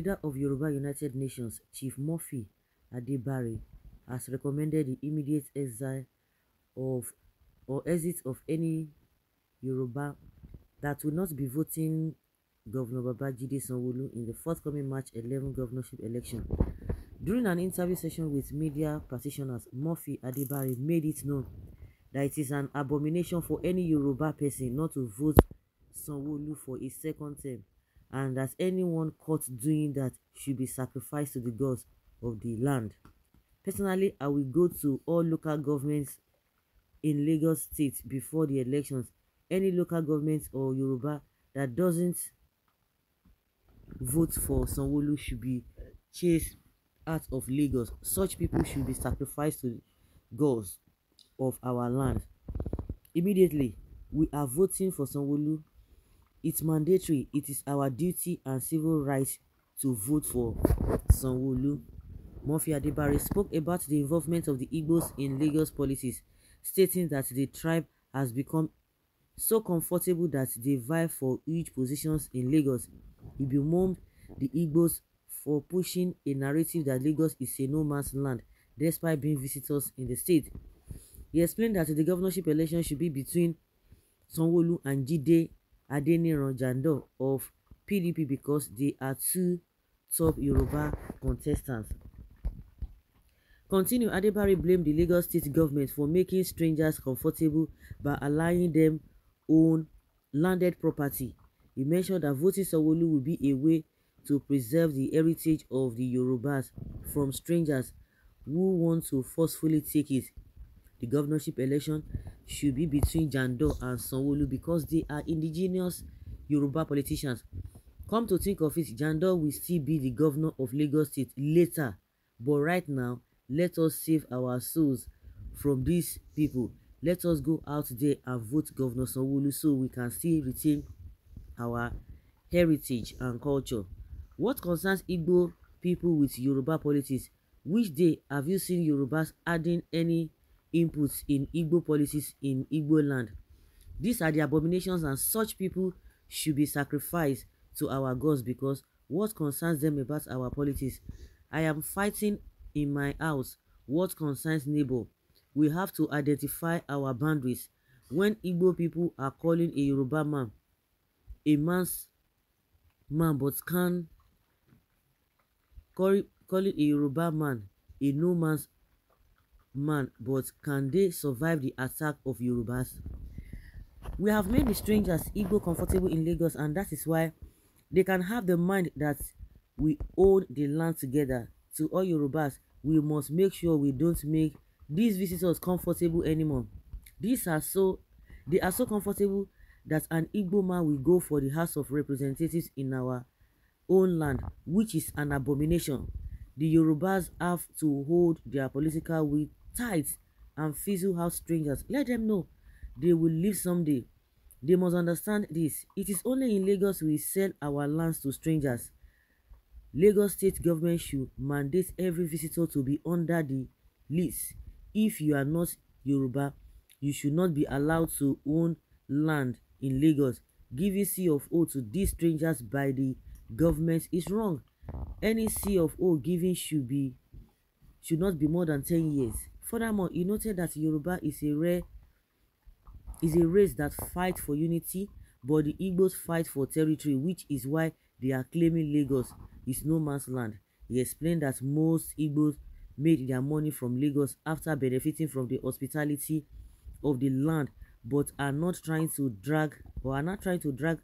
leader of Yoruba United Nations, Chief Murphy Adebare, has recommended the immediate exile of or exit of any Yoruba that will not be voting Governor Babajide Sanwo-Olu in the forthcoming March 11 governorship election. During an interview session with media practitioners, Murphy Adebare made it known that it is an abomination for any Yoruba person not to vote sanwo for a second term and that anyone caught doing that should be sacrificed to the gods of the land. Personally, I will go to all local governments in Lagos State before the elections. Any local government or Yoruba that doesn't vote for Sanwolu should be chased out of Lagos. Such people should be sacrificed to gods of our land. Immediately, we are voting for Sanwolu It's mandatory. It is our duty and civil right to vote for Sanwoolu. olu Murphy Adebare spoke about the involvement of the Igbos in Lagos policies, stating that the tribe has become so comfortable that they vie for huge positions in Lagos. He bemoaned the Igbos for pushing a narrative that Lagos is a no man's land, despite being visitors in the state. He explained that the governorship election should be between Sanwoolu and Jide Adeniran Jandor of PDP because they are two top Yoruba contestants. Continue, Adebari blamed the Lagos state government for making strangers comfortable by allowing them own landed property. He mentioned that voting Sawolu will be a way to preserve the heritage of the Yorubas from strangers who want to forcefully take it. The governorship election should be between Jandor and sanwo because they are indigenous Yoruba politicians. Come to think of it, Jandor will still be the governor of Lagos State later, but right now, let us save our souls from these people. Let us go out there and vote Governor sanwo so we can still retain our heritage and culture. What concerns Igbo people with Yoruba politics? Which day have you seen Yorubas adding any inputs in Igbo policies in Igbo land. These are the abominations and such people should be sacrificed to our gods because what concerns them about our politics? I am fighting in my house. What concerns neighbor? We have to identify our boundaries. When Igbo people are calling a Yoruba man a man's man but can call, it a Yoruba man a no man's man, but can they survive the attack of Yorubas? We have made the strangers ego comfortable in Lagos, and that is why they can have the mind that we own the land together. To all Yorubas, we must make sure we don't make these visitors comfortable anymore. These are so they are so comfortable that an Igbo man will go for the House of Representatives in our own land, which is an abomination. The Yorubas have to hold their political weight. tithe and fizzle house strangers. Let them know they will leave someday. They must understand this. It is only in Lagos we sell our lands to strangers. Lagos state government should mandate every visitor to be under the lease. If you are not Yoruba, you should not be allowed to own land in Lagos. Giving C of O to these strangers by the government is wrong. Any C of O giving should be should not be more than ten years. Furthermore, he noted that Yoruba is a rare is a race that fight for unity, but the Igbos fight for territory, which is why they are claiming Lagos is no man's land. He explained that most Igbos made their money from Lagos after benefiting from the hospitality of the land, but are not trying to drag or are not trying to drag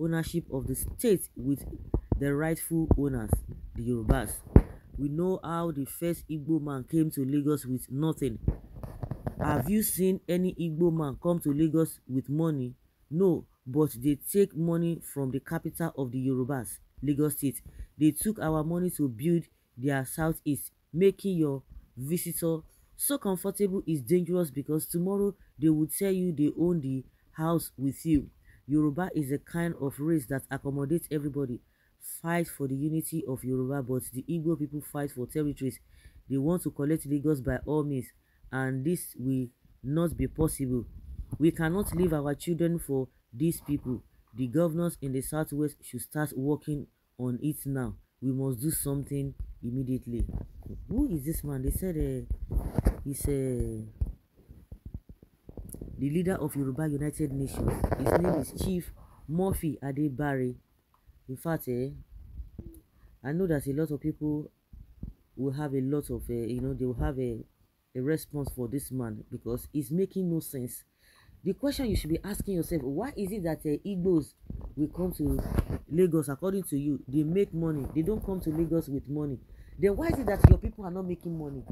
ownership of the state with the rightful owners, the Yorubas. We know how the first Igbo man came to Lagos with nothing. Have you seen any Igbo man come to Lagos with money? No, but they take money from the capital of the Yorubas, Lagos State. They took our money to build their southeast, making your visitor so comfortable is dangerous because tomorrow they will tell you they own the house with you. Yoruba is a kind of race that accommodates everybody. fight for the unity of Yoruba, but the Igbo people fight for territories. They want to collect Lagos by all means, and this will not be possible. We cannot leave our children for these people. The governors in the southwest should start working on it now. We must do something immediately. Who is this man? They said uh, he's uh, the leader of Yoruba United Nations. His name is Chief Murphy Adebari in fact eh, I know that a lot of people will have a lot of uh, you know they will have a, a response for this man because it's making no sense the question you should be asking yourself why is it that uh, Igbos will come to Lagos according to you they make money they don't come to Lagos with money then why is it that your people are not making money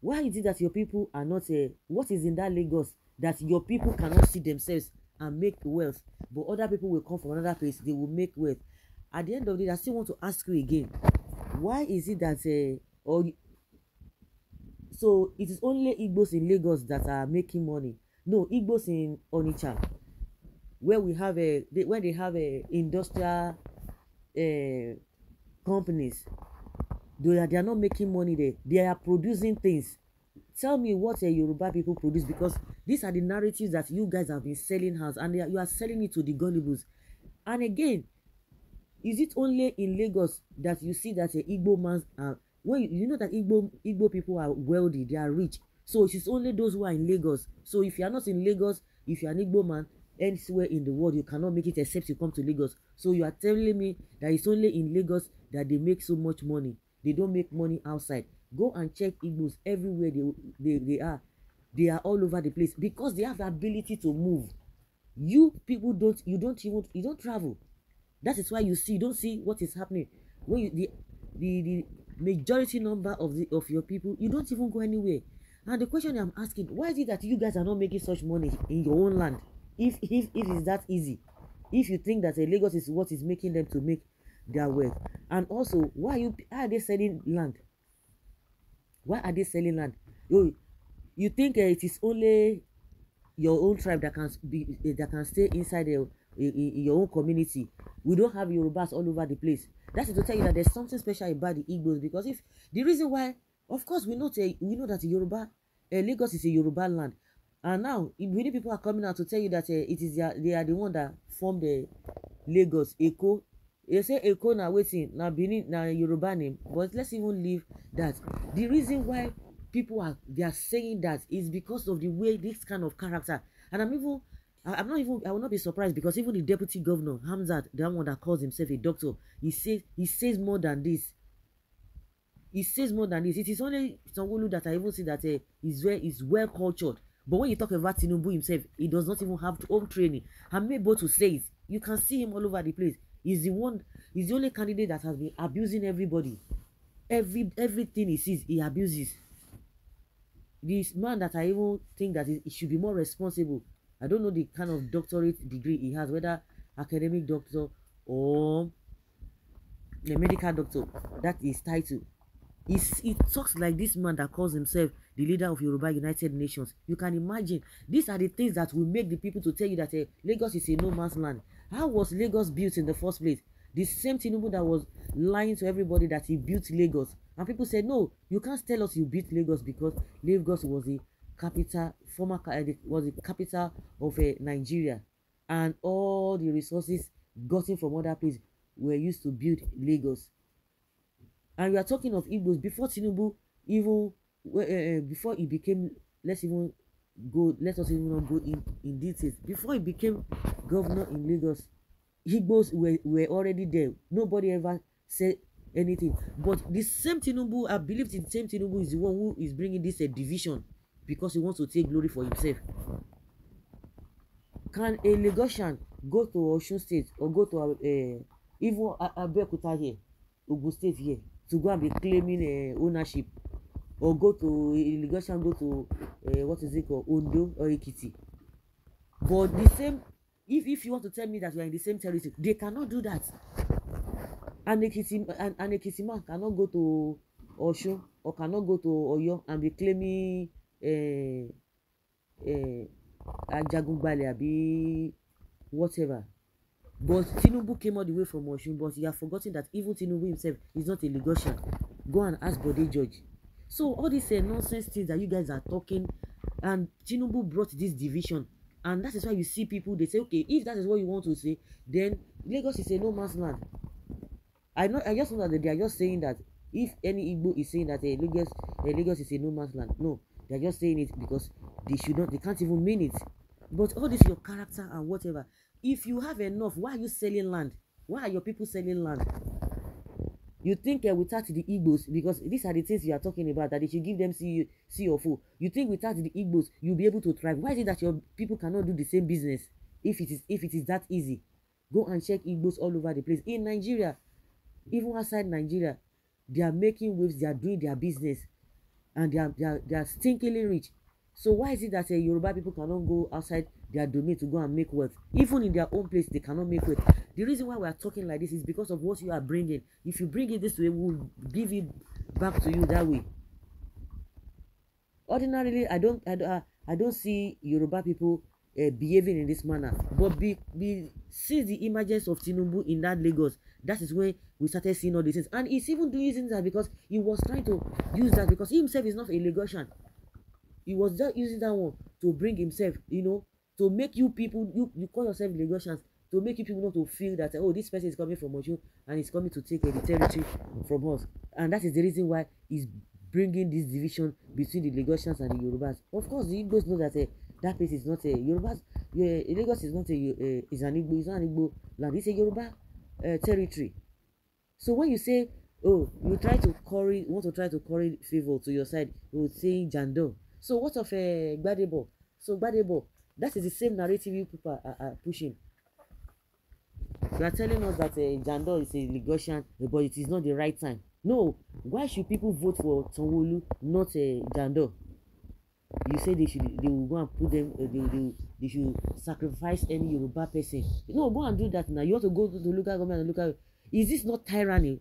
why is it that your people are not uh, what is in that Lagos that your people cannot see themselves and make wealth but other people will come from another place they will make wealth at the end of the day i still want to ask you again why is it that uh, or so it is only igbos in lagos that are making money no igbos in onitsha where we have a uh, where they have a uh, industrial uh, companies they are, they are not making money there they are producing things tell me what uh, Yoruba people produce because these are the narratives that you guys have been selling us and are, you are selling it to the gullibles. And again, is it only in Lagos that you see that a Igbo man, uh, well, you know that Igbo, Igbo people are wealthy, they are rich. So it is only those who are in Lagos. So if you are not in Lagos, if you are an Igbo man, anywhere in the world, you cannot make it except you come to Lagos. So you are telling me that it's only in Lagos that they make so much money. They don't make money outside go and check igbos everywhere they, they they are they are all over the place because they have the ability to move you people don't you don't even you don't travel that is why you see you don't see what is happening when you the the the majority number of the of your people you don't even go anywhere and the question i'm asking why is it that you guys are not making such money in your own land if if it is that easy if you think that a eh, lagos is what is making them to make their wealth and also why are you why are they selling land why are they selling land you you think uh, it is only your own tribe that can be uh, that can stay inside uh, in your own community we don't have yorubas all over the place that is to tell you that there's something special about the igbos because if the reason why of course we know uh, we know that yoruba uh, lagos is a yoruba land and now many people are coming out to tell you that uh, it is their, they are the one that formed the uh, lagos eko you say Eko na wetin na Benin na Yoruba name but let's even leave that the reason why people are they are saying that is because of the way this kind of character and I'm even I'm not even I will not be surprised because even the deputy governor Hamzat the one that calls himself a doctor he says he says more than this he says more than this it is only Sanwoolu that I even see that uh, he's well he's well cultured but when you talk about Tinubu himself he does not even have home training I'm able to say it you can see him all over the place He's the one, he's the only candidate that has been abusing everybody. Every everything he sees, he abuses. This man that I even think that he, should be more responsible. I don't know the kind of doctorate degree he has, whether academic doctor or a medical doctor. That is title. It's, it talks like this man that calls himself the leader of Yoruba United Nations. You can imagine. These are the things that will make the people to tell you that uh, Lagos is a no man's land. How was Lagos built in the first place? The same Tinubu that was lying to everybody that he built Lagos. And people said, no, you can't tell us you built Lagos because Lagos was the capital, former uh, was the capital of uh, Nigeria. And all the resources gotten from other places were used to build Lagos. And we are talking of Igbos before Tinubu even uh, before he became let's even go let us even not go in in details before he became governor in Lagos Igbos were were already there nobody ever said anything but the same Tinubu I believe the same Tinubu is the one who is bringing this uh, division because he wants to take glory for himself can a Lagosian go to Osun State or go to uh, even Abeokuta here Ogun State here to go and be claiming uh, ownership or go to Iligoshan, go to uh, what is it called Ondo or Ekiti. But the same, if if you want to tell me that we are in the same territory, they cannot do that. An Ekiti an, Ekiti man cannot go to Osun or cannot go to Oyo and be claiming uh, eh, uh, eh, Ajagungbale abi whatever. But Tinubu came all the way from Osun, but you have forgotten that even Tinubu himself is not a Ligosian. Go and ask body judge so all these uh, nonsense things that you guys are talking and tinubu brought this division and that is why you see people dey say okay if that is what you want to say then lagos is a no man's land i know i just know that they are just saying that if any igbo is saying that uh, lagos uh, lagos is a no man's land no they are just saying it because they should not they can't even mean it but all this your character and whatever if you have enough why are you selling land why are your people selling land you think uh, without the Igbos, because these are the things you are talking about, that they should give them CEO, CFO. You think without the Igbos, you'll be able to thrive. Why is it that your people cannot do the same business if it is if it is that easy? Go and check Igbos all over the place. In Nigeria, even outside Nigeria, they are making waves, they are doing their business, and they are they are, they are stinkingly rich. So why is it that uh, Yoruba people cannot go outside their domain to go and make wealth? Even in their own place, they cannot make wealth. The reason why we are talking like this is because of what you are bringing. If you bring it this way, will give it back to you that way. Ordinarily, I don't, I, don't, I don't see Yoruba people uh, behaving in this manner. But be, be, since the emergence of Tinubu in that Lagos, that is when we started seeing all these things. And he's even doing things that because he was trying to use that because he himself is not a Lagosian. He was just using that one to bring himself, you know, to make you people, you, you call yourself Lagosians, to make you people not to feel that oh this person is coming from Ojo and is coming to take uh, the territory from us and that is the reason why he's bringing this division between the Lagosians and the Yorubas of course the Igbos know that uh, that place is not a uh, eh, Yorubas uh, Lagos is not a uh, is an Igbo is not an Igbo land it's a Yoruba uh, territory so when you say oh you try to curry want to try to curry favour to your side you would say jandor so what of uh, Gbadebo so Gbadebo that is the same narrative you people are, are pushing you are telling us that uh, Jandor is a Lagosian but it is not the right time no why should people vote for Sanwoolu not uh, Jandor you say they should they will go and put them uh, they they they should sacrifice any Yoruba person no go and do that now you want to go to, to local government and look at. is this not tyranny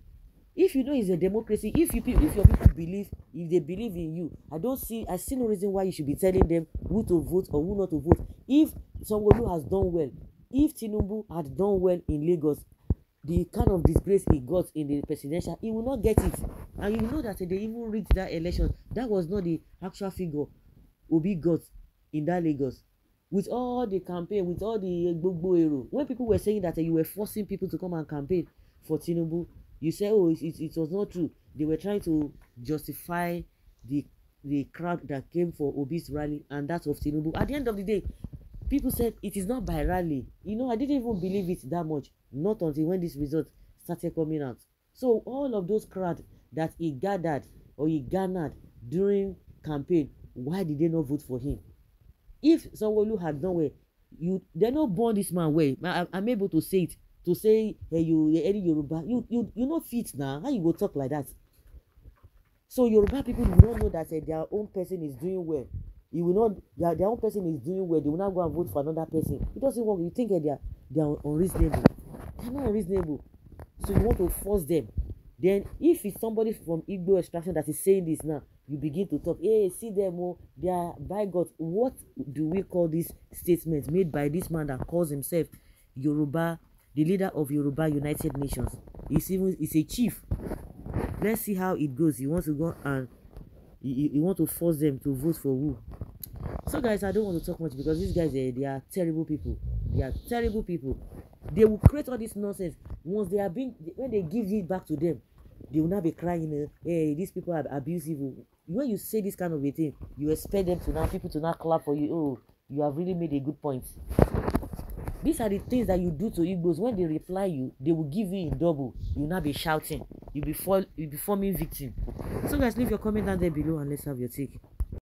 if you know it's a democracy if you if your people believe if they believe in you i don't see i see no reason why you should be telling them who to vote or who not to vote if Sanwoolu has done well if tinubu had done well in lagos the kind of disgrace he got in the presidential he will not get it and you know that they even rigged that election that was not the actual figure obi got in that lagos with all the campaign with all the gbogbo ero when people were saying that uh, you were forcing people to come and campaign for tinubu you say oh it, it, it was not true they were trying to justify the the crowd that came for obi's rally and that of tinubu at the end of the day people said it is not by rally you know i didn't even believe it that much not until when this result started coming out so all of those crowd that he gathered or he garnered during campaign why did they not vote for him if sanwoolu had done well you they no born this man well i i'm able to say it to say hey, you any yoruba you you you no fit na how you go talk like that so yoruba people do not know that uh, their own person is doing well You will not their, their own person is doing well they will not go and vote for another person it doesn't work you think they are they are unreasonable they are not unreasonable so you want to force them then if it's somebody from igbo extraction that is saying this now you begin to talk hey see them oh they are by god what do we call this statement made by this man that calls himself yoruba the leader of yoruba united nations he's even he's a chief let's see how it goes he wants to go and he, he, he want to force them to vote for who So guys, I don't want to talk much because these guys, they, eh, they are terrible people. They are terrible people. They will create all this nonsense. Once they are being, when they give it back to them, they will now be crying, hey, eh, eh, these people are abusive. When you say this kind of a thing, you expect them to now, people to now clap for you. Oh, you have really made a good point. These are the things that you do to Igbos. When they reply you, they will give you in double. You will not be shouting. You'll be, fall, you'll be forming victim. So guys, leave your comment down there below and let's have your take.